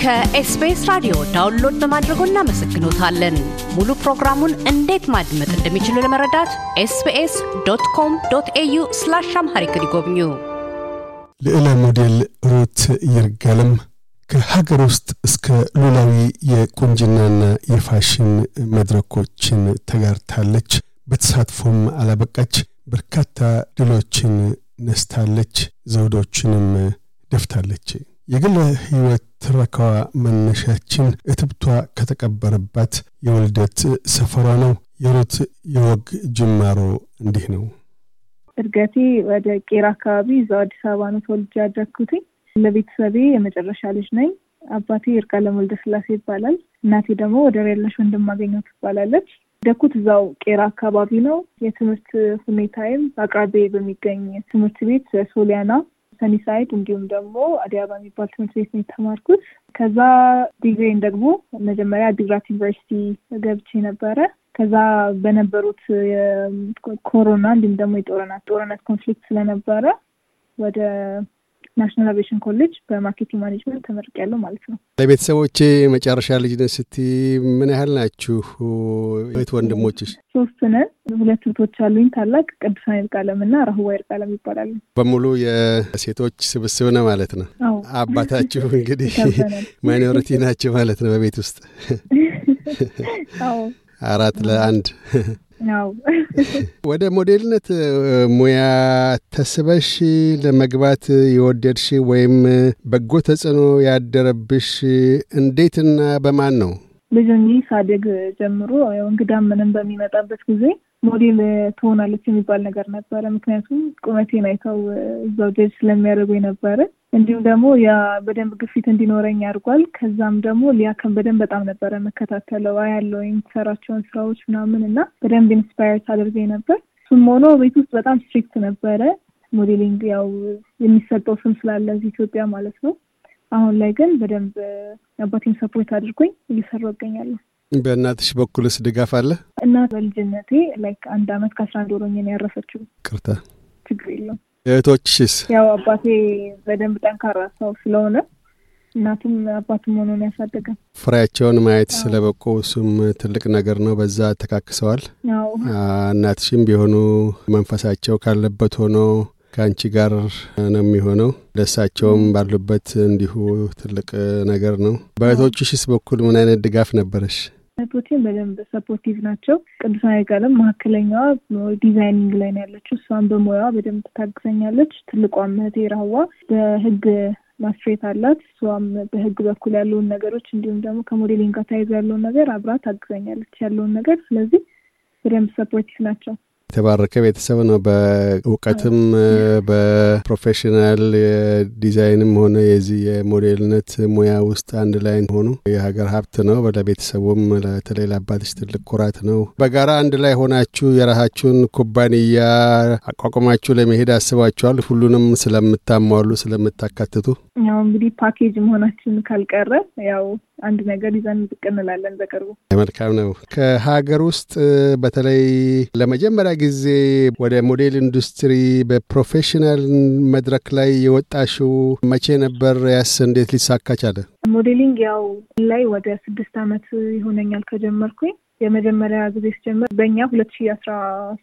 ከኤስቢኤስ ራዲዮ ዳውንሎድ በማድረጎ እናመሰግኖታለን። ሙሉ ፕሮግራሙን እንዴት ማድመጥ እንደሚችሉ ለመረዳት ኤስቢኤስ ዶት ኮም ዶት ኤዩ ስላሽ አምሃሪክ ይጎብኙ። ልዕለ ሞዴል ሩት ይርጋለም ከሀገር ውስጥ እስከ ሉላዊ የቁንጅናና የፋሽን መድረኮችን ተጋርታለች። በተሳትፎም አላበቃች። በርካታ ድሎችን ነስታለች፣ ዘውዶችንም ደፍታለች። የግል ህይወት ትረካዋ መነሻችን እትብቷ ከተቀበረባት የውልደት ሰፈሯ ነው። የሩት የወግ ጅማሮ እንዲህ ነው። እድገቴ ወደ ቄራ አካባቢ እዛው አዲስ አበባ ነው ተወልጄ ያደግኩትኝ። ለቤተሰቤ የመጨረሻ ልጅ ነኝ። አባቴ ይርጋለም ወልደ ስላሴ ይባላል። እናቴ ደግሞ ወደ ሬለሽ ወንድማገኘው ትባላለች። ደኩት እዛው ቄራ አካባቢ ነው። የትምህርት ሁኔታዬም በአቅራቢያ በሚገኝ ትምህርት ቤት ሶሊያና ሰኒሳይድ እንዲሁም ደግሞ አዲያባ የሚባል ትምህርት ቤት ነው የተማርኩት። ከዛ ዲግሪን ደግሞ መጀመሪያ አዲግራት ዩኒቨርሲቲ ገብቼ ነበረ። ከዛ በነበሩት ኮሮና እንዲሁም ደግሞ የጦርነት ጦርነት ኮንፍሊክት ስለነበረ ወደ ናሽናል አቪሽን ኮሌጅ በማርኬቲንግ ማኔጅመንት ተመርቅ ያለው ማለት ነው። ለቤተሰቦቼ መጨረሻ ልጅ ስቲ ምን ያህል ናችሁ? ቤት ወንድሞችሽ ሶስት ነን። ሁለት እህቶች አሉኝ። ታላቅ ቅዱሳን ይርቃለም እና ረህዋ ይርቃለም ይባላሉ። በሙሉ የሴቶች ስብስብ ነው ማለት ነው። አባታችሁ እንግዲህ ማይኖሪቲ ናቸው ማለት ነው በቤት ውስጥ አራት ለአንድ ነው። ወደ ሞዴልነት ሙያ ተስበሽ ለመግባት የወደድሽ ወይም በጎ ተጽዕኖ ያደረብሽ እንዴትና በማን ነው? ልጅ ሳደግ ጀምሮ እንግዳ ምንም በሚመጣበት ጊዜ ሞዴል ትሆናለች የሚባል ነገር ነበረ። ምክንያቱም ቁመቴን አይተው እዛው ጀጅ ስለሚያደርጉ ነበረ። እንዲሁም ደግሞ ያ በደንብ ግፊት እንዲኖረኝ አድርጓል። ከዛም ደግሞ ሊያከም በደንብ በጣም ነበረ መከታተለው ያለው የሚሰራቸውን ስራዎች ምናምን እና በደንብ ኢንስፓየር ታደርገ ነበር። እሱም ሆኖ ቤት ውስጥ በጣም ስትሪክት ነበረ። ሞዴሊንግ ያው የሚሰጠው ስም ስላለ እዚህ ኢትዮጵያ ማለት ነው። አሁን ላይ ግን በደንብ አባቴም ሰፖርት አድርጎኝ እየሰራሁ እገኛለሁ። በእናትሽ በኩልስ ድጋፍ አለ? እናት በልጅነቴ ላይክ አንድ አመት ከአስራ አንድ ወሮኝ ነው ያረፈችው። ቅርታ ችግር የለም። እህቶችሽስ? ያው አባቴ በደንብ ጠንካራ ሰው ስለሆነ እናቱም አባቱም ሆኖ ነው ያሳደገን። ፍሬያቸውን ማየት ስለበቁ እሱም ትልቅ ነገር ነው። በዛ ተካክሰዋል። እናትሽም ቢሆኑ መንፈሳቸው ካለበት ሆኖ ከአንቺ ጋር ነው የሚሆነው። ደሳቸውም ባሉበት እንዲሁ ትልቅ ነገር ነው። በእህቶችሽስ በኩል ምን አይነት ድጋፍ ነበረሽ? እህቶችን በደንብ ሰፖርቲቭ ናቸው። ቅዱስ ጋርም መካከለኛዋ ዲዛይኒንግ ላይ ነው ያለችው። እሷን በሙያዋ በደንብ ታግዘኛለች። ትልቋ እህቴ ራህዋ በህግ ማስሬት አላት። እሷም በህግ በኩል ያለውን ነገሮች እንዲሁም ደግሞ ከሞዴሊንግ ጋር ተያይዞ ያለውን ነገር አብራ ታግዘኛለች ያለውን ነገር። ስለዚህ በደንብ ሰፖርቲቭ ናቸው። የተባረከ ቤተሰብ ነው። በእውቀትም በፕሮፌሽናል ዲዛይንም ሆነ የዚህ የሞዴልነት ሙያ ውስጥ አንድ ላይ ሆኑ የሀገር ሀብት ነው። ለቤተሰቡም በተለይ ለአባትሽ ትልቅ ኩራት ነው። በጋራ አንድ ላይ ሆናችሁ የራሳችሁን ኩባንያ አቋቁማችሁ ለመሄድ አስባችኋል? ሁሉንም ስለምታሟሉ ስለምታካትቱ ያው እንግዲህ ፓኬጅ መሆናችን ካልቀረ ያው አንድ ነገር ይዘን ብቅ እንላለን በቅርቡ። መልካም ነው። ከሀገር ውስጥ በተለይ ለመጀመሪያ ጊዜ ጊዜ ወደ ሞዴል ኢንዱስትሪ በፕሮፌሽናል መድረክ ላይ የወጣሽው መቼ ነበር? ያስ እንዴት ሊሳካ ቻለ? ሞዴሊንግ ያው ላይ ወደ ስድስት ዓመት ይሆነኛል ከጀመርኩኝ። የመጀመሪያ ጊዜ ስጀምር በእኛ ሁለት ሺ አስራ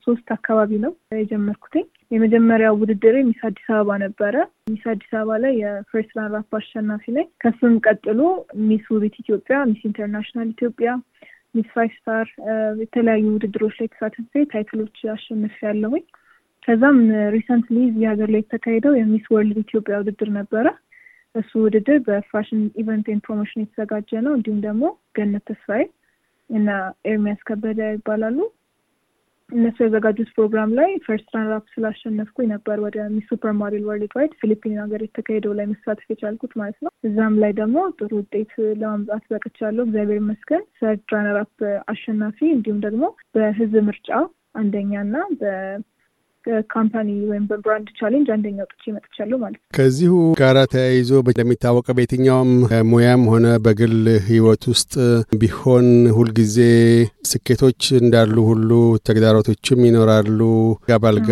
ሶስት አካባቢ ነው የጀመርኩትኝ። የመጀመሪያው ውድድር ሚስ አዲስ አበባ ነበረ። ሚስ አዲስ አበባ ላይ የፈርስት ራነር አሸናፊ ላይ ከሱም ቀጥሎ ሚስ ውቤት ኢትዮጵያ፣ ሚስ ኢንተርናሽናል ኢትዮጵያ ሚስ ፋይቭ ስታር የተለያዩ ውድድሮች ላይ ተሳትፌ ታይትሎች አሸንፍ ያለውኝ ከዛም ሪሰንትሊ እዚህ ሀገር ላይ የተካሄደው የሚስ ወርልድ ኢትዮጵያ ውድድር ነበረ። እሱ ውድድር በፋሽን ኢቨንት ኤንድ ፕሮሞሽን የተዘጋጀ ነው። እንዲሁም ደግሞ ገነት ተስፋዬ እና ኤርሚያስ ከበደ ይባላሉ እነሱ ያዘጋጁት ፕሮግራም ላይ ፈርስት ራንራፕ ስላሸነፍኩ ነበር ወደ ሚስ ሱፐር ሞዴል ወርልድ ዋይድ ፊሊፒን ሀገር የተካሄደው ላይ መሳተፍ የቻልኩት ማለት ነው። እዛም ላይ ደግሞ ጥሩ ውጤት ለማምጣት በቅቻለሁ፣ እግዚአብሔር ይመስገን። ሰርድ ራነራፕ አሸናፊ እንዲሁም ደግሞ በህዝብ ምርጫ አንደኛ አንደኛና ካምፓኒ ወይም በብራንድ ቻሌንጅ አንደኛው ጥቼ መጥቻለሁ ማለት ነው። ከዚሁ ጋራ ተያይዞ እንደሚታወቀው በየትኛውም ሙያም ሆነ በግል ህይወት ውስጥ ቢሆን ሁልጊዜ ስኬቶች እንዳሉ ሁሉ ተግዳሮቶችም ይኖራሉ። ጋባልጋ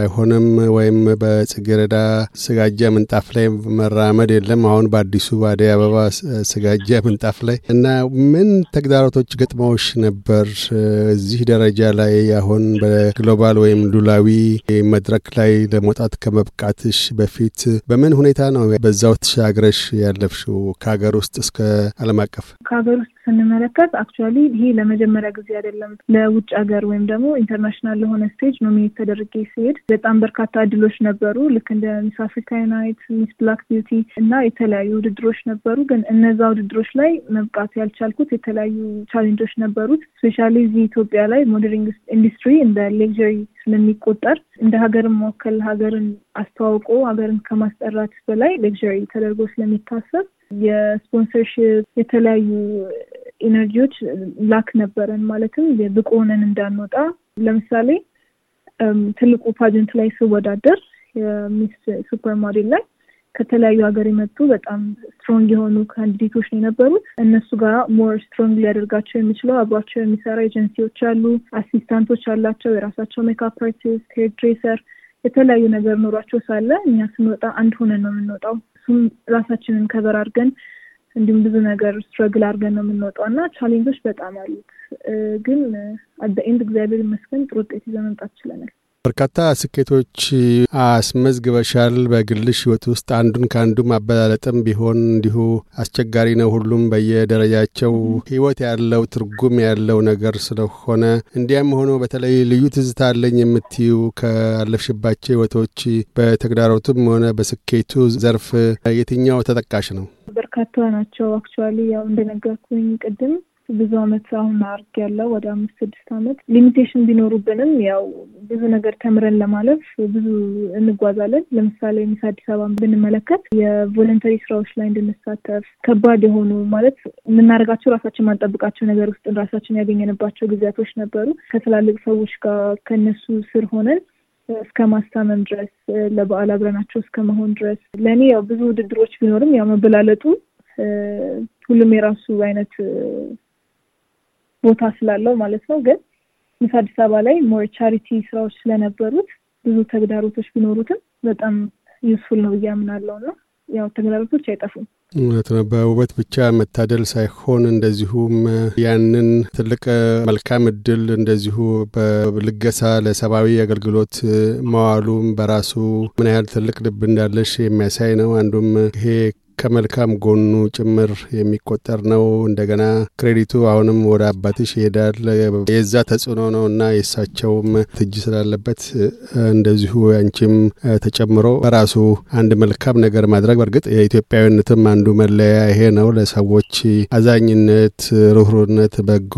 አይሆንም ወይም በጽጌረዳ ስጋጃ ምንጣፍ ላይ መራመድ የለም። አሁን በአዲሱ በአደይ አበባ ስጋጃ ምንጣፍ ላይ እና ምን ተግዳሮቶች ገጥመዎች ነበር እዚህ ደረጃ ላይ አሁን በግሎባል ወይም ሉላዊ መድረክ ላይ ለመውጣት ከመብቃትሽ በፊት በምን ሁኔታ ነው በዛው ተሻግረሽ ያለፍሽው ከሀገር ውስጥ እስከ አለም አቀፍ? ከሀገር ውስጥ ስንመለከት አክቹዋሊ ይሄ ለመጀመሪያ ጊዜ አይደለም። ለውጭ ሀገር ወይም ደግሞ ኢንተርናሽናል ለሆነ ስቴጅ ኖሚኔት ተደርጌ ሲሄድ በጣም በርካታ እድሎች ነበሩ። ልክ እንደ ሚስ አፍሪካ ዩናይት፣ ሚስ ብላክ ቢዩቲ እና የተለያዩ ውድድሮች ነበሩ። ግን እነዛ ውድድሮች ላይ መብቃት ያልቻልኩት የተለያዩ ቻሌንጆች ነበሩት። ስፔሻሊ እዚህ ኢትዮጵያ ላይ ሞዴሊንግ ኢንዱስትሪ እንደ ሌክዥሪ ስለሚቆጠር እንደ ሀገርን መወከል ሀገርን አስተዋውቆ ሀገርን ከማስጠራት በላይ ሌክዥሪ ተደርጎ ስለሚታሰብ የስፖንሰርሽፕ የተለያዩ ኢነርጂዎች ላክ ነበረን። ማለትም ብቁ ሆነን እንዳንወጣ ለምሳሌ ትልቁ ፓጀንት ላይ ስወዳደር የሚስ ሱፐር ሞዴል ላይ ከተለያዩ ሀገር የመጡ በጣም ስትሮንግ የሆኑ ካንዲዴቶች ነው የነበሩት። እነሱ ጋር ሞር ስትሮንግ ሊያደርጋቸው የሚችለው አብሯቸው የሚሰራ ኤጀንሲዎች አሉ፣ አሲስታንቶች አላቸው፣ የራሳቸው ሜካፕ አርቲስት፣ ሄር የተለያዩ ነገር ኖሯቸው ሳለ እኛ ስንወጣ አንድ ሆነን ነው የምንወጣው። እሱም ራሳችንን ከበር አድርገን እንዲሁም ብዙ ነገር ስትረግል አድርገን ነው የምንወጣው እና ቻሌንጆች በጣም አሉት። ግን አደ ኤንድ እግዚአብሔር ይመስገን ጥሩ ውጤት ይዘን መምጣት ችለናል። በርካታ ስኬቶች አስመዝግበሻል በግልሽ ህይወት ውስጥ አንዱን ከአንዱ ማበላለጥም ቢሆን እንዲሁ አስቸጋሪ ነው። ሁሉም በየደረጃቸው ህይወት ያለው ትርጉም ያለው ነገር ስለሆነ እንዲያም ሆኖ በተለይ ልዩ ትዝታ አለኝ የምትዩ ከአለፍሽባቸው ህይወቶች በተግዳሮቱም ሆነ በስኬቱ ዘርፍ የትኛው ተጠቃሽ ነው? በርካታ ናቸው። አክቹዋሊ ያው እንደነገርኩኝ ቅድም ብዙ አመት አሁን አርግ ያለው ወደ አምስት ስድስት አመት ሊሚቴሽን ቢኖሩብንም ያው ብዙ ነገር ተምረን ለማለፍ ብዙ እንጓዛለን። ለምሳሌ ሚስ አዲስ አበባ ብንመለከት የቮለንተሪ ስራዎች ላይ እንድንሳተፍ ከባድ የሆኑ ማለት የምናደርጋቸው ራሳችን ማንጠብቃቸው ነገር ውስጥ ራሳችን ያገኘንባቸው ጊዜያቶች ነበሩ። ከትላልቅ ሰዎች ጋር ከነሱ ስር ሆነን እስከ ማስታመም ድረስ ለበዓል አብረናቸው እስከ መሆን ድረስ ለእኔ ያው ብዙ ውድድሮች ቢኖርም ያው መበላለጡ ሁሉም የራሱ አይነት ቦታ ስላለው ማለት ነው። ግን ሚስ አዲስ አበባ ላይ ሞር ቻሪቲ ስራዎች ስለነበሩት ብዙ ተግዳሮቶች ቢኖሩትም በጣም ዩስፉል ነው እያምናለው ነው። ያው ተግዳሮቶች አይጠፉም። እውነት ነው። በውበት ብቻ መታደል ሳይሆን እንደዚሁም ያንን ትልቅ መልካም እድል እንደዚሁ በልገሳ ለሰብአዊ አገልግሎት መዋሉም በራሱ ምን ያህል ትልቅ ልብ እንዳለሽ የሚያሳይ ነው። አንዱም ይሄ ከመልካም ጎኑ ጭምር የሚቆጠር ነው። እንደገና ክሬዲቱ አሁንም ወደ አባትሽ ይሄዳል። የዛ ተጽዕኖ ነው እና የእሳቸውም ትጅ ስላለበት እንደዚሁ አንቺም ተጨምሮ በራሱ አንድ መልካም ነገር ማድረግ በእርግጥ የኢትዮጵያዊነትም አንዱ መለያ ይሄ ነው። ለሰዎች አዛኝነት፣ ሩህሩነት፣ በጎ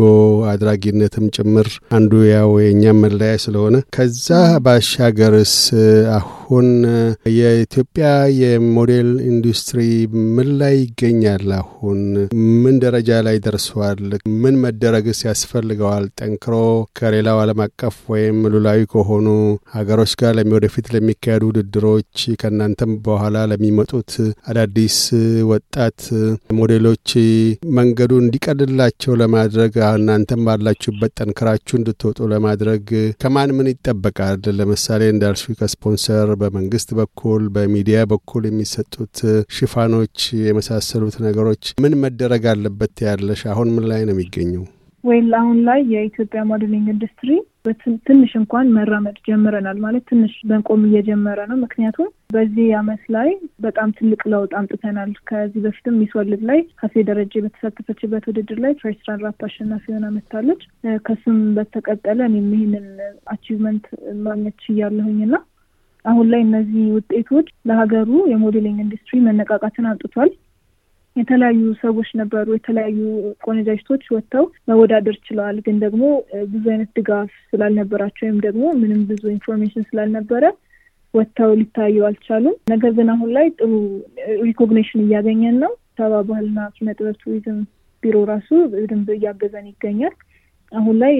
አድራጊነትም ጭምር አንዱ ያው የእኛም መለያ ስለሆነ ከዛ ባሻገርስ አሁ አሁን የኢትዮጵያ የሞዴል ኢንዱስትሪ ምን ላይ ይገኛል? አሁን ምን ደረጃ ላይ ደርሷል? ምን መደረግስ ያስፈልገዋል? ጠንክሮ ከሌላው ዓለም አቀፍ ወይም ሉላዊ ከሆኑ ሀገሮች ጋር ለሚወደፊት ለሚካሄዱ ውድድሮች ከእናንተም በኋላ ለሚመጡት አዳዲስ ወጣት ሞዴሎች መንገዱ እንዲቀልላቸው ለማድረግ እናንተም ባላችሁበት ጠንክራችሁ እንድትወጡ ለማድረግ ከማን ምን ይጠበቃል? ለምሳሌ እንዳልሹ ከስፖንሰር በመንግስት በኩል በሚዲያ በኩል የሚሰጡት ሽፋኖች የመሳሰሉት ነገሮች ምን መደረግ አለበት ያለሽ አሁን ምን ላይ ነው የሚገኘው? ወይም አሁን ላይ የኢትዮጵያ ሞዴሊንግ ኢንዱስትሪ ትንሽ እንኳን መራመድ ጀምረናል ማለት ትንሽ በንቆም እየጀመረ ነው። ምክንያቱም በዚህ አመት ላይ በጣም ትልቅ ለውጥ አምጥተናል። ከዚህ በፊትም ሚስ ወርልድ ላይ ሀሴ ደረጀ በተሳተፈችበት ውድድር ላይ ፈርስት ራፕ አሸናፊ ሆና መጥታለች። ከሱም በተቀጠለ እኔም ይህንን አቺቭመንት ማግኘት ችያለሁኝ እና አሁን ላይ እነዚህ ውጤቶች ለሀገሩ የሞዴሊንግ ኢንዱስትሪ መነቃቃትን አምጥቷል። የተለያዩ ሰዎች ነበሩ፣ የተለያዩ ቆነጃጅቶች ወጥተው መወዳደር ችለዋል። ግን ደግሞ ብዙ አይነት ድጋፍ ስላልነበራቸው ወይም ደግሞ ምንም ብዙ ኢንፎርሜሽን ስላልነበረ ወጥተው ሊታዩ አልቻሉም። ነገር ግን አሁን ላይ ጥሩ ሪኮግኔሽን እያገኘን ነው። ሰባ ባህልና ኪነ ጥበብ ቱሪዝም ቢሮ ራሱ በደንብ እያገዘን ይገኛል። አሁን ላይ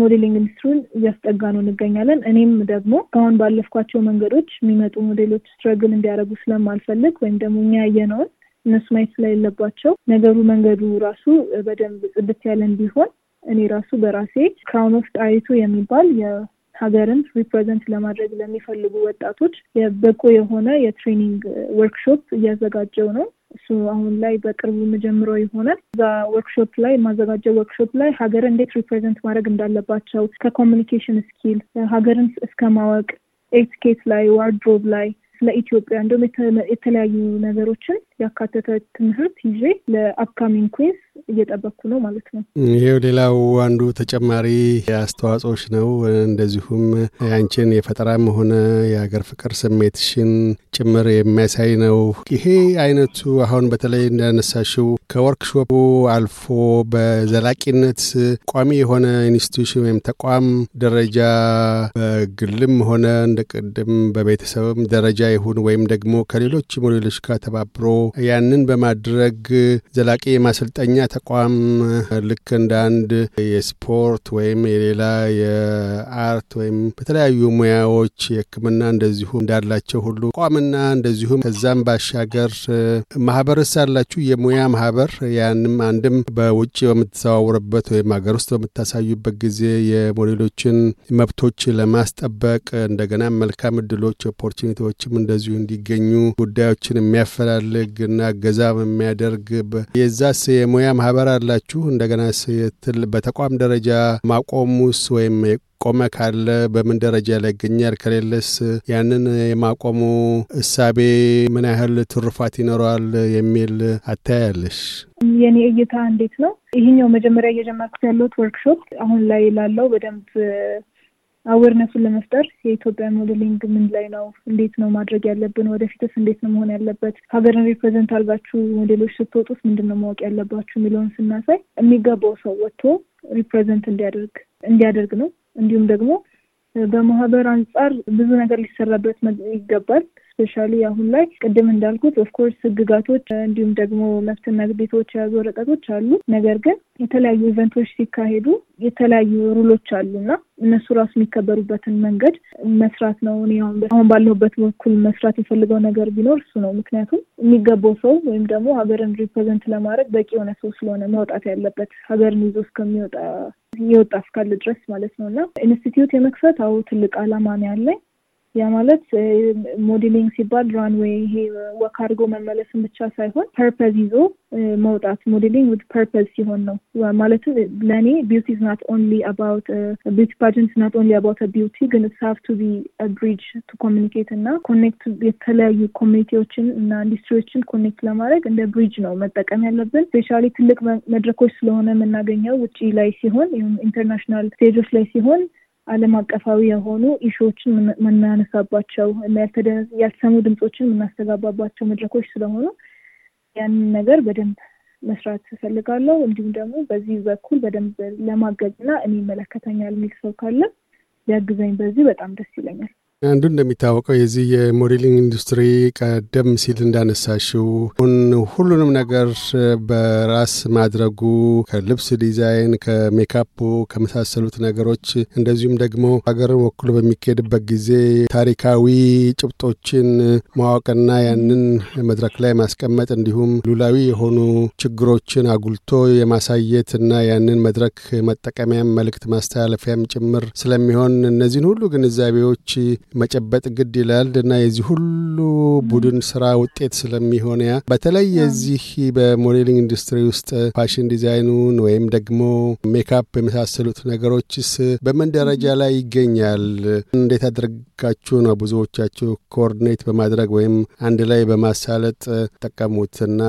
ሞዴሊንግ ኢንዱስትሪውን እያስጠጋ ነው እንገኛለን። እኔም ደግሞ ከአሁን ባለፍኳቸው መንገዶች የሚመጡ ሞዴሎች ስትረግል እንዲያደርጉ ስለማልፈልግ ወይም ደግሞ እኛ ያየነውን እነሱ ማየት ስለሌለባቸው ነገሩ መንገዱ ራሱ በደንብ ጽድት ያለ እንዲሆን እኔ ራሱ በራሴ ክራውን ኦፍ ጣይቱ የሚባል የሀገርን ሪፕሬዘንት ለማድረግ ለሚፈልጉ ወጣቶች በቆ የሆነ የትሬኒንግ ወርክሾፕ እያዘጋጀው ነው። እሱ አሁን ላይ በቅርቡ መጀምሮ ይሆናል። እዛ ወርክሾፕ ላይ የማዘጋጀው ወርክሾፕ ላይ ሀገርን እንዴት ሪፕሬዘንት ማድረግ እንዳለባቸው ከኮሚኒኬሽን ስኪል ሀገርን እስከ ማወቅ ኤትኬት ላይ ዋርድሮብ ላይ ስለ ኢትዮጵያ እንዲሁም የተለያዩ ነገሮችን ያካተተ ትምህርት ይዤ ለአፕካሚንግ ኩንስ እየጠበቅኩ ነው ማለት ነው። ይሄው ሌላው አንዱ ተጨማሪ አስተዋጽኦች ነው። እንደዚሁም ያንቺን የፈጠራም ሆነ የሀገር ፍቅር ስሜትሽን ጭምር የሚያሳይ ነው። ይሄ አይነቱ አሁን በተለይ እንዳነሳሽው ከወርክሾፑ አልፎ በዘላቂነት ቋሚ የሆነ ኢንስቲቱሽን ወይም ተቋም ደረጃ በግልም ሆነ እንደቅድም በቤተሰብም ደረጃ ይሁን ወይም ደግሞ ከሌሎች ሞዴሎች ጋር ተባብሮ ያንን በማድረግ ዘላቂ የማሰልጠኛ ተቋም ልክ እንደ አንድ የስፖርት ወይም የሌላ የአርት ወይም በተለያዩ ሙያዎች የሕክምና እንደዚሁ እንዳላቸው ሁሉ ተቋምና እንደዚሁም ከዛም ባሻገር ማህበርስ አላችሁ? የሙያ ማህበር ያንም አንድም በውጭ በምትዘዋውርበት ወይም ሀገር ውስጥ በምታሳዩበት ጊዜ የሞዴሎችን መብቶች ለማስጠበቅ እንደገና መልካም እድሎች ኦፖርቹኒቲዎችም እንደዚሁ እንዲገኙ ጉዳዮችን የሚያፈላልግ የሚያደርግና እገዛ የሚያደርግ የዛስ የሙያ ማህበር አላችሁ? እንደገና የትል በተቋም ደረጃ ማቆሙስ ወይም ቆመ ካለ በምን ደረጃ ላይ ይገኛል? ከሌለስ ያንን የማቆሙ እሳቤ ምን ያህል ትሩፋት ይኖረዋል የሚል አታያለሽ? የኔ እይታ እንዴት ነው? ይህኛው መጀመሪያ እየጀመርኩት ያለሁት ወርክሾፕ አሁን ላይ ላለው በደንብ አዌርነሱን ለመፍጠር የኢትዮጵያ ሞዴሊንግ ምን ላይ ነው? እንዴት ነው ማድረግ ያለብን? ወደፊትስ እንዴት ነው መሆን ያለበት? ሀገርን ሪፕሬዘንት አድርጋችሁ ሞዴሎች ስትወጡት ምንድን ነው ማወቅ ያለባችሁ የሚለውን ስናሳይ የሚገባው ሰው ወጥቶ ሪፕሬዘንት እንዲያደርግ እንዲያደርግ ነው። እንዲሁም ደግሞ በማህበር አንጻር ብዙ ነገር ሊሰራበት ይገባል። ስፔሻሊ አሁን ላይ ቅድም እንዳልኩት ኦፍኮርስ ህግጋቶች እንዲሁም ደግሞ መብትና ግዴታዎች የያዙ ወረቀቶች አሉ። ነገር ግን የተለያዩ ኢቨንቶች ሲካሄዱ የተለያዩ ሩሎች አሉና እነሱ ራሱ የሚከበሩበትን መንገድ መስራት ነው። እኔ አሁን ባለሁበት በኩል መስራት የፈልገው ነገር ቢኖር እሱ ነው። ምክንያቱም የሚገባው ሰው ወይም ደግሞ ሀገርን ሪፕሬዘንት ለማድረግ በቂ የሆነ ሰው ስለሆነ መውጣት ያለበት ሀገርን ይዞ እስከሚወጣ የወጣ እስካለ ድረስ ማለት ነው እና ኢንስቲትዩት የመክፈት አዎ ትልቅ አላማ ነው ያለኝ ያ ማለት ሞዴሊንግ ሲባል ራንዌይ ይሄ ወክ አድርጎ መመለስን ብቻ ሳይሆን ፐርፐዝ ይዞ መውጣት ሞዴሊንግ ዊዝ ፐርፐዝ ሲሆን ነው። ማለትም ለእኔ ቢዩቲ ኢዝ ናት ኦንሊ አባውት ቢዩቲ ፓጀንት ናት ኦንሊ አባውት ቢዩቲ ግን ሀቭ ቱ ቢ ብሪጅ ቱ ኮሚኒኬት እና ኮኔክት የተለያዩ ኮሚኒቲዎችን እና ኢንዱስትሪዎችን ኮኔክት ለማድረግ እንደ ብሪጅ ነው መጠቀም ያለብን። ስፔሻሊ ትልቅ መድረኮች ስለሆነ የምናገኘው ውጭ ላይ ሲሆን ኢንተርናሽናል ስቴጆች ላይ ሲሆን ዓለም አቀፋዊ የሆኑ ኢሹዎችን የምናነሳባቸው ያልተሰሙ ድምፆችን የምናስተጋባባቸው መድረኮች ስለሆኑ ያንን ነገር በደንብ መስራት እፈልጋለሁ። እንዲሁም ደግሞ በዚህ በኩል በደንብ ለማገዝና እኔ ይመለከተኛል የሚል ሰው ካለ ሊያግዘኝ በዚህ በጣም ደስ ይለኛል። አንዱ እንደሚታወቀው የዚህ የሞዴሊንግ ኢንዱስትሪ ቀደም ሲል እንዳነሳሽው ሁን ሁሉንም ነገር በራስ ማድረጉ ከልብስ ዲዛይን፣ ከሜካፕ ከመሳሰሉት ነገሮች እንደዚሁም ደግሞ ሀገርን ወክሎ በሚካሄድበት ጊዜ ታሪካዊ ጭብጦችን ማወቅና ያንን መድረክ ላይ ማስቀመጥ እንዲሁም ሉላዊ የሆኑ ችግሮችን አጉልቶ የማሳየት እና ያንን መድረክ መጠቀሚያም መልእክት ማስተላለፊያም ጭምር ስለሚሆን እነዚህን ሁሉ ግንዛቤዎች መጨበጥ ግድ ይላል እና የዚህ ሁሉ ቡድን ስራ ውጤት ስለሚሆን ያ በተለይ የዚህ በሞዴሊንግ ኢንዱስትሪ ውስጥ ፋሽን ዲዛይኑን ወይም ደግሞ ሜካፕ የመሳሰሉት ነገሮችስ በምን ደረጃ ላይ ይገኛል? እንዴት አድርጋችሁ ነው ብዙዎቻችሁ ኮኦርዲኔት በማድረግ ወይም አንድ ላይ በማሳለጥ ጠቀሙት እና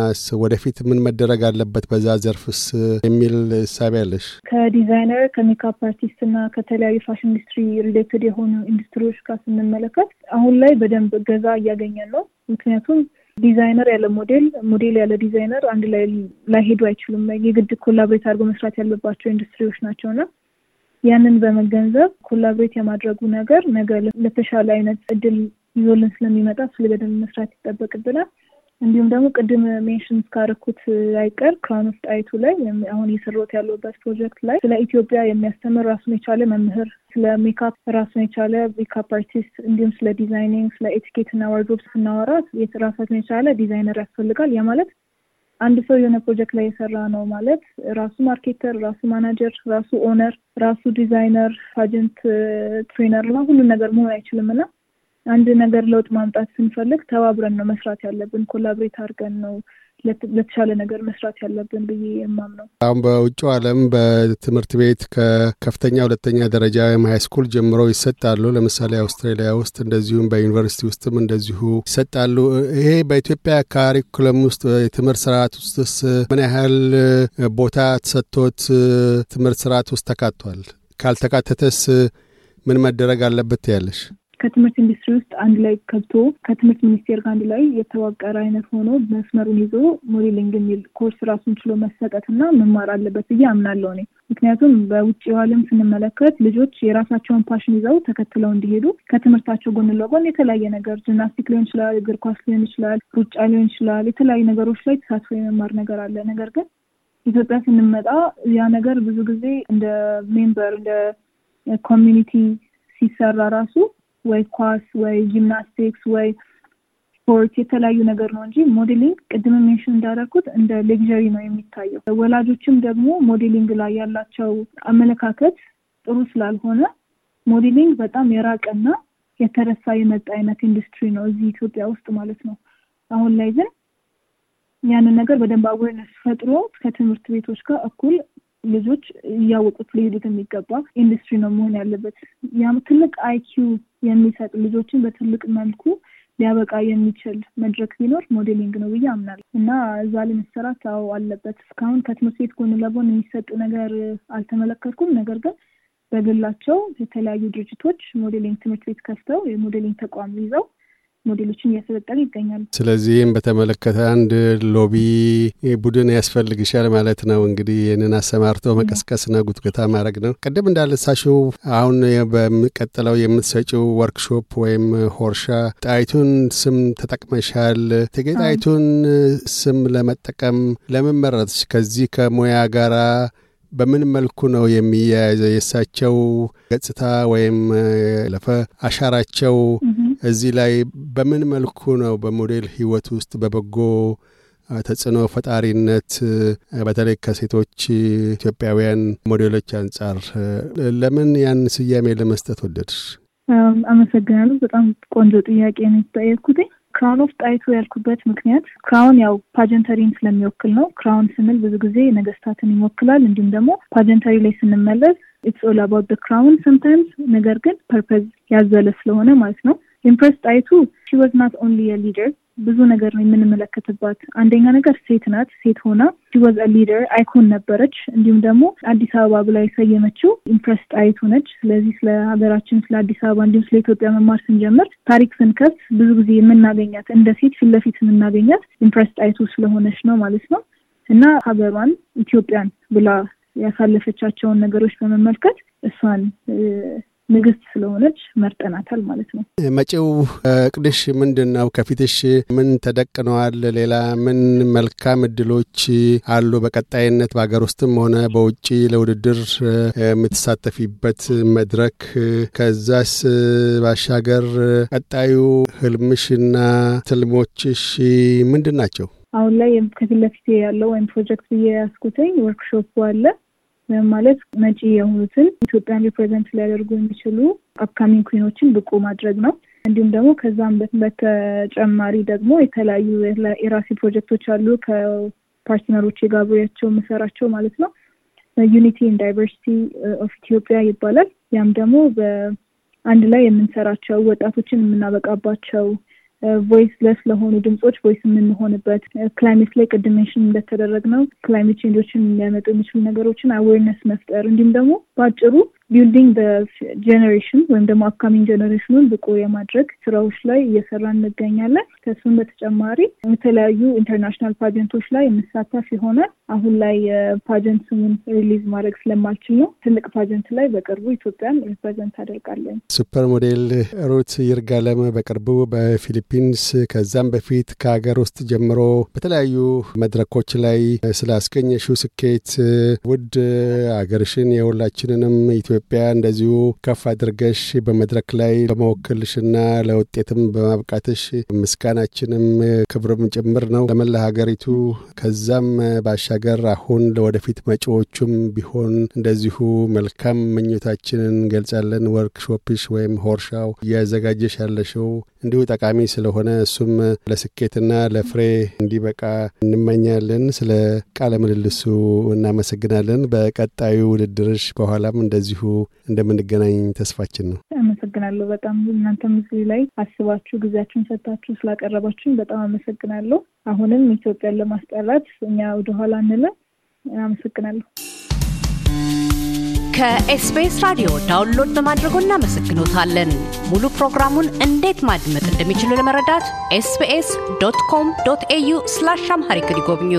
ወደፊት ምን መደረግ አለበት በዛ ዘርፍስ የሚል እሳቤ አለሽ? ከዲዛይነር ከሜካፕ አርቲስት እና ከተለያዩ ፋሽን ኢንዱስትሪ ሪሌትድ የሆኑ ኢንዱስትሪዎች ጋር ስንመለከት አሁን ላይ በደንብ ገዛ እያገኘን ነው። ምክንያቱም ዲዛይነር ያለ ሞዴል፣ ሞዴል ያለ ዲዛይነር አንድ ላይ ላይሄዱ አይችሉም። የግድ ኮላብሬት አድርጎ መስራት ያለባቸው ኢንዱስትሪዎች ናቸው እና ያንን በመገንዘብ ኮላብሬት የማድረጉ ነገር ነገ ለተሻለ አይነት እድል ይዞልን ስለሚመጣ ስለ በደንብ መስራት ይጠበቅብናል። እንዲሁም ደግሞ ቅድም ሜንሽን እስካረኩት አይቀር ክራውን ኦፍ ጣይቱ ላይ አሁን እየሰራሁት ያለበት ፕሮጀክት ላይ ስለ ኢትዮጵያ የሚያስተምር ራሱን የቻለ መምህር ስለ ሜካፕ ራሱን የቻለ ሜካፕ አርቲስት እንዲሁም ስለ ዲዛይኒንግ፣ ስለ ኤቲኬት እና ዋርድሮብ ስናወራ ራሳችን የቻለ ዲዛይነር ያስፈልጋል። ያ ማለት አንድ ሰው የሆነ ፕሮጀክት ላይ የሰራ ነው ማለት ራሱ ማርኬተር፣ ራሱ ማናጀር፣ ራሱ ኦነር፣ ራሱ ዲዛይነር፣ አጀንት፣ ትሬነር እና ሁሉን ነገር መሆን አይችልም እና አንድ ነገር ለውጥ ማምጣት ስንፈልግ ተባብረን ነው መስራት ያለብን። ኮላብሬት አድርገን ነው ለተሻለ ነገር መስራት ያለብን ብዬ የማምነው አሁን በውጭ ዓለም በትምህርት ቤት ከከፍተኛ ሁለተኛ ደረጃ ወይም ሃይስኩል ጀምሮ ይሰጣሉ። ለምሳሌ አውስትራሊያ ውስጥ እንደዚሁም በዩኒቨርሲቲ ውስጥም እንደዚሁ ይሰጣሉ። ይሄ በኢትዮጵያ ካሪኩለም ውስጥ የትምህርት ስርዓት ውስጥስ ምን ያህል ቦታ ተሰጥቶት ትምህርት ስርዓት ውስጥ ተካቷል? ካልተካተተስ ምን መደረግ አለበት ያለሽ ከትምህርት ኢንዱስትሪ ውስጥ አንድ ላይ ከብቶ ከትምህርት ሚኒስቴር ጋር አንድ ላይ የተዋቀረ አይነት ሆኖ መስመሩን ይዞ ሞዴሊንግ የሚል ኮርስ ራሱን ችሎ መሰጠትና መማር አለበት ብዬ አምናለሁ እኔ። ምክንያቱም በውጭ ዓለም ስንመለከት ልጆች የራሳቸውን ፓሽን ይዘው ተከትለው እንዲሄዱ ከትምህርታቸው ጎን ለጎን የተለያየ ነገር ጂምናስቲክ ሊሆን ይችላል፣ እግር ኳስ ሊሆን ይችላል፣ ሩጫ ሊሆን ይችላል፣ የተለያዩ ነገሮች ላይ ተሳትፎ የመማር ነገር አለ። ነገር ግን ኢትዮጵያ ስንመጣ ያ ነገር ብዙ ጊዜ እንደ ሜምበር እንደ ኮሚኒቲ ሲሰራ ራሱ ወይ ኳስ ወይ ጂምናስቲክስ ወይ ስፖርት የተለያዩ ነገር ነው እንጂ ሞዴሊንግ ቅድም ሜንሽን እንዳደረግኩት እንደ ሌግዣሪ ነው የሚታየው። ወላጆችም ደግሞ ሞዴሊንግ ላይ ያላቸው አመለካከት ጥሩ ስላልሆነ ሞዴሊንግ በጣም የራቀና የተረሳ የመጣ አይነት ኢንዱስትሪ ነው እዚህ ኢትዮጵያ ውስጥ ማለት ነው። አሁን ላይ ግን ያንን ነገር በደንብ አዌርነስ ፈጥሮ ከትምህርት ቤቶች ጋር እኩል ልጆች እያወቁት ሊሄዱት የሚገባ ኢንዱስትሪ ነው መሆን ያለበት። ያም ትልቅ አይኪዩ የሚሰጥ ልጆችን በትልቅ መልኩ ሊያበቃ የሚችል መድረክ ቢኖር ሞዴሊንግ ነው ብዬ አምናለሁ እና እዛ ላይ መሰራት አዎ አለበት። እስካሁን ከትምህርት ቤት ጎን ለጎን የሚሰጥ ነገር አልተመለከትኩም። ነገር ግን በግላቸው የተለያዩ ድርጅቶች ሞዴሊንግ ትምህርት ቤት ከፍተው የሞዴሊንግ ተቋም ይዘው ሞዴሎችን እያሰለጠኑ ይገኛሉ። ስለዚህም በተመለከተ አንድ ሎቢ ቡድን ያስፈልግሻል ማለት ነው። እንግዲህ ይህንን አሰማርቶ ነው፣ ጉትገታ ማድረግ ነው። ቅድም እንዳለሳሽው አሁን በሚቀጥለው የምትሰጪው ወርክሾፕ ወይም ሆርሻ ጣይቱን ስም ተጠቅመሻል። እቴጌ ጣይቱን ስም ለመጠቀም ለምን መረጥሽ? ከዚህ ከሙያ ጋራ በምን መልኩ ነው የሚያያዘው? የእሳቸው ገጽታ ወይም ለፈ አሻራቸው እዚህ ላይ በምን መልኩ ነው በሞዴል ህይወት ውስጥ በበጎ ተጽዕኖ ፈጣሪነት በተለይ ከሴቶች ኢትዮጵያውያን ሞዴሎች አንጻር ለምን ያን ስያሜ ለመስጠት ወደድ? አመሰግናለሁ። በጣም ቆንጆ ጥያቄ ነው የተጠየቅኩት። ክራውን ኦፍ ጣይቱ ያልኩበት ምክንያት ክራውን ያው ፓጀንተሪን ስለሚወክል ነው። ክራውን ስንል ብዙ ጊዜ ነገስታትን ይወክላል። እንዲሁም ደግሞ ፓጀንተሪ ላይ ስንመለስ ኢትስ ኦል አባውት ክራውን ሰምታይምስ ነገር ግን ፐርፐዝ ያዘለ ስለሆነ ማለት ነው ኢምፕረስ ጣይቱ ሺ ወዝ ናት ኦንሊ የሊደር ብዙ ነገር ነው የምንመለከትባት። አንደኛ ነገር ሴት ናት። ሴት ሆና ሺ ወዝ ሊደር አይኮን ነበረች። እንዲሁም ደግሞ አዲስ አበባ ብላ የሰየመችው ኢምፕሬስ ጣይቱ ነች። ስለዚህ ስለ ሀገራችን፣ ስለ አዲስ አበባ እንዲሁም ስለ ኢትዮጵያ መማር ስንጀምር፣ ታሪክ ስንከፍት ብዙ ጊዜ የምናገኛት እንደ ሴት ፊት ለፊት የምናገኛት ኢምፕረስ ጣይቱ ስለሆነች ነው ማለት ነው እና ሀገሯን ኢትዮጵያን ብላ ያሳለፈቻቸውን ነገሮች በመመልከት እሷን ንግስት ስለሆነች መርጠናታል ማለት ነው። መጪው እቅድሽ ምንድን ነው? ከፊትሽ ምን ተደቅነዋል? ሌላ ምን መልካም እድሎች አሉ? በቀጣይነት በሀገር ውስጥም ሆነ በውጭ ለውድድር የምትሳተፊበት መድረክ፣ ከዛስ ባሻገር ቀጣዩ ህልምሽና ትልሞችሽ ምንድን ናቸው? አሁን ላይ ከፊት ለፊት ያለው ወይም ፕሮጀክት ብዬ ያስኩትኝ ወርክሾፕ አለ ማለት መጪ የሆኑትን ኢትዮጵያን ሪፕሬዘንት ሊያደርጉ የሚችሉ አፕካሚንግ ኩኖችን ብቁ ማድረግ ነው። እንዲሁም ደግሞ ከዛም በተጨማሪ ደግሞ የተለያዩ የራሴ ፕሮጀክቶች አሉ ከፓርትነሮች የጋብሬያቸው መሰራቸው ማለት ነው። ዩኒቲ ኢን ዳይቨርሲቲ ኦፍ ኢትዮጵያ ይባላል። ያም ደግሞ በአንድ ላይ የምንሰራቸው ወጣቶችን የምናበቃባቸው ቮይስለስ ለሆኑ ድምፆች ቮይስ የምንሆንበት ክላይሜት ላይ ቅድም ሜንሽን እንደተደረግ ነው ክላይሜት ቼንጆችን የሚያመጡ የሚችሉ ነገሮችን አዌርነስ መፍጠር እንዲሁም ደግሞ በአጭሩ ቢልዲንግ ጀኔሬሽን ወይም ደግሞ አፕካሚንግ ጀኔሬሽኑን ብቁ የማድረግ ስራዎች ላይ እየሰራ እንገኛለን። ከሱም በተጨማሪ የተለያዩ ኢንተርናሽናል ፓጀንቶች ላይ የምሳተፍ ይሆናል። አሁን ላይ የፓጀንት ስሙን ሪሊዝ ማድረግ ስለማልችል ነው። ትልቅ ፓጀንት ላይ በቅርቡ ኢትዮጵያን ሪፕሬዘንት አደርጋለን። ሱፐር ሞዴል ሩት ይርጋለም በቅርቡ በፊሊፒንስ ከዛም በፊት ከሀገር ውስጥ ጀምሮ በተለያዩ መድረኮች ላይ ስላስገኘሽው ስኬት ውድ አገርሽን የሁላችንንም ኢትዮ ኢትዮጵያ እንደዚሁ ከፍ አድርገሽ በመድረክ ላይ በመወከልሽና ለውጤትም በማብቃትሽ ምስጋናችንም ክብርም ጭምር ነው ለመላ ሀገሪቱ። ከዛም ባሻገር አሁን ለወደፊት መጪዎቹም ቢሆን እንደዚሁ መልካም ምኞታችንን ገልጻለን ወርክሾፕሽ ወይም ሆርሻው እያዘጋጀሽ ያለሽው እንዲሁ ጠቃሚ ስለሆነ እሱም ለስኬትና ለፍሬ እንዲበቃ እንመኛለን። ስለ ቃለ ምልልሱ እናመሰግናለን። በቀጣዩ ውድድርሽ በኋላም እንደዚሁ እንደምንገናኝ ተስፋችን ነው። አመሰግናለሁ በጣም እናንተም እዚህ ላይ አስባችሁ ጊዜያችሁን ሰጥታችሁ ስላቀረባችሁን በጣም አመሰግናለሁ። አሁንም ኢትዮጵያን ለማስጠራት እኛ ወደኋላ እንለን። አመሰግናለሁ። ከኤስቢኤስ ራዲዮ ዳውንሎድ በማድረጎ እናመሰግኖታለን። ሙሉ ፕሮግራሙን እንዴት ማድመጥ እንደሚችሉ ለመረዳት ኤስቢኤስ ዶት ኮም ዶት ኤዩ ስላሽ አምሃሪክ ይጎብኙ።